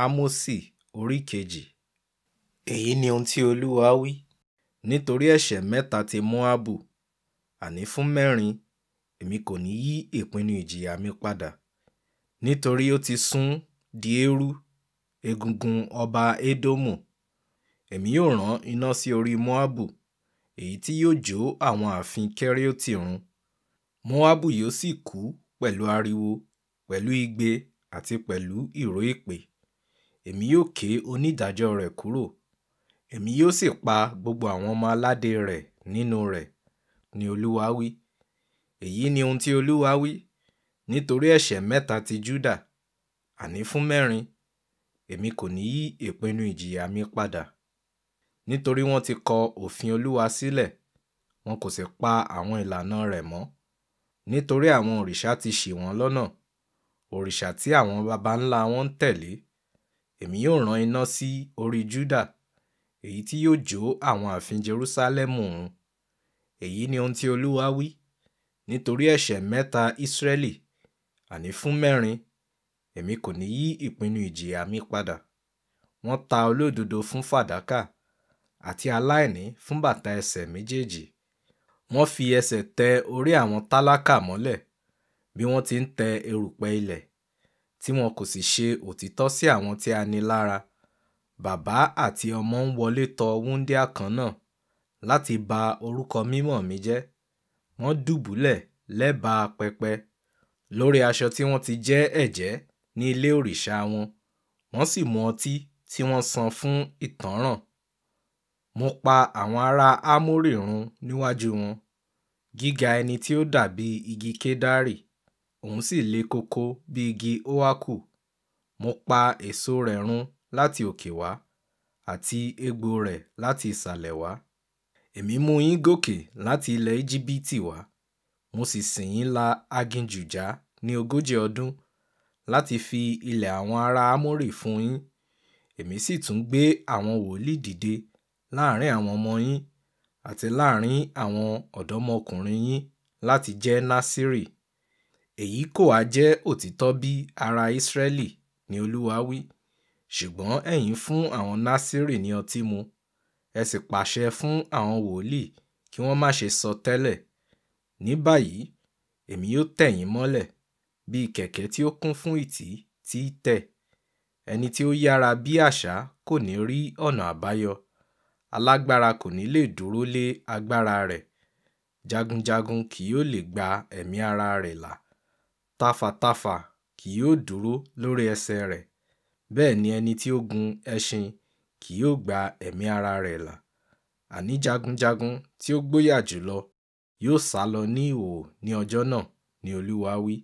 ámósì orí kejì èyí ni ohun tí olúwa wí nítorí ẹ̀ṣẹ̀ mẹ́ta ti móábù àní fún mẹ́rin èmi kò ní yí ìpinnu ìjìyà mi padà nítorí ó ti sún di eérú egungun ọba édómù èmi yóò rán iná sí orí móábù èyí tí yóò jó àwọn ààfin kẹ́ríọ́tì run móábù yóò sì kú pẹ̀lú ariwo pẹ̀lú igbe àti pẹ̀lú ìró ìpè èmi yóò ké onídàájọ́ rẹ̀ kúrò èmi yóò sì pa gbogbo àwọn ọmọ aládé rẹ̀ nínú rẹ̀ ni olúwa wí èyí ni ohun tí olúwa wí nítorí ẹ̀ṣẹ̀ mẹ́ta ti júdà àní fún mẹ́rin èmi kò ní yí ìpinnu ìjìyà mi padà nítorí wọ́n ti kọ òfin olúwa sílẹ̀ wọn kò sì pa àwọn ìlànà rẹ̀ mọ́ nítorí àwọn òrìṣà ti ṣì wọ́n lọ́nà òrìṣà tí àwọn baba ńlá wọn ń tẹ̀lé èmi yóò rán iná sí orí Júdà èyí tí yóò jó àwọn ààfin Jerúsálẹ́mù run èyí ni ohun tí Olúwa wí nítorí ẹ̀ṣẹ̀ mẹ́ta Ísírẹ́lì àní fún mẹ́rin èmi kò ní yí ìpinnu ìjìyà mi padà wọ́n ta olódodo fún fàdákà àti aláìní fún bàtà ẹsẹ̀ méjèèjì wọ́n fi ẹsẹ̀ tẹ orí àwọn tálákà mọ́lẹ̀ bí wọ́n ti ń tẹ erùpẹ̀ ilẹ̀ tí wọn kò sì ṣe òtítọ́ sí àwọn tí a ní lára. Bàbá àti ọmọ ń wọlé tọ wúńdíá kan náà láti ba orúkọ mímọ́ mi jẹ́. Wọ́n dùbúlẹ̀ lẹ́bàá pẹpẹ lórí aṣọ tí wọ́n ti jẹ́ ẹ̀jẹ́ ní ilé òrìṣà wọn. Wọ́n sì mu ọtí tí wọ́n san fún ìtanràn. Mo pa àwọn ará Ámórì níwájú wọn. Gíga ẹni tí ó dàbí igi kedari òun sì le koko bí igi óákù mo pa èso rẹ̀ run láti òkè wá àti egbò rẹ̀ láti ìsàlẹ̀ wá èmi mú yín gòkè láti ilẹ̀ íjíbítì wá mo sì sìn yín la aginjù já ní ogójì ọdún láti fi ilẹ̀ àwọn ará ámórì fún yín èmi sì tún gbé àwọn wòlíì dìde láàrin àwọn ọmọ yín àti láàrin àwọn ọ̀dọ́mọkùnrin yín láti jẹ́ násírì èyí kò á jẹ́ òtítọ́ bí ará Ísírẹ́lì ni Olúwa wí ṣùgbọ́n ẹ̀yin fún àwọn Násírì ní ọtí mu ẹ sì pàṣẹ fún àwọn wòlíì kí wọ́n má ṣe sọ tẹ́lẹ̀ ní báyìí èmi yóò tẹ̀ yín mọ́lẹ̀ bíi kẹ̀kẹ́ tí ó kún fún ìtì tí í tẹ̀ ẹni tí ó yára bí àṣá kò ní rí ọ̀nà àbáyọ alágbára kò ní lè dúró lé agbára rẹ̀ jagunjagun kì yóò lè gba ẹ̀mí ara rẹ̀ là tafàtafà kì yóò dúró lórí ẹsẹ̀ rẹ̀ bẹ́ẹ̀ ni ẹni tí ó gun ẹṣin kì yóò gba ẹ̀mí ara rẹ̀ là àní jagunjagun tí ó gbóyà jùlọ yóò sálọ ní ìhòhò ní ọjọ́ náà ni Olúwa wí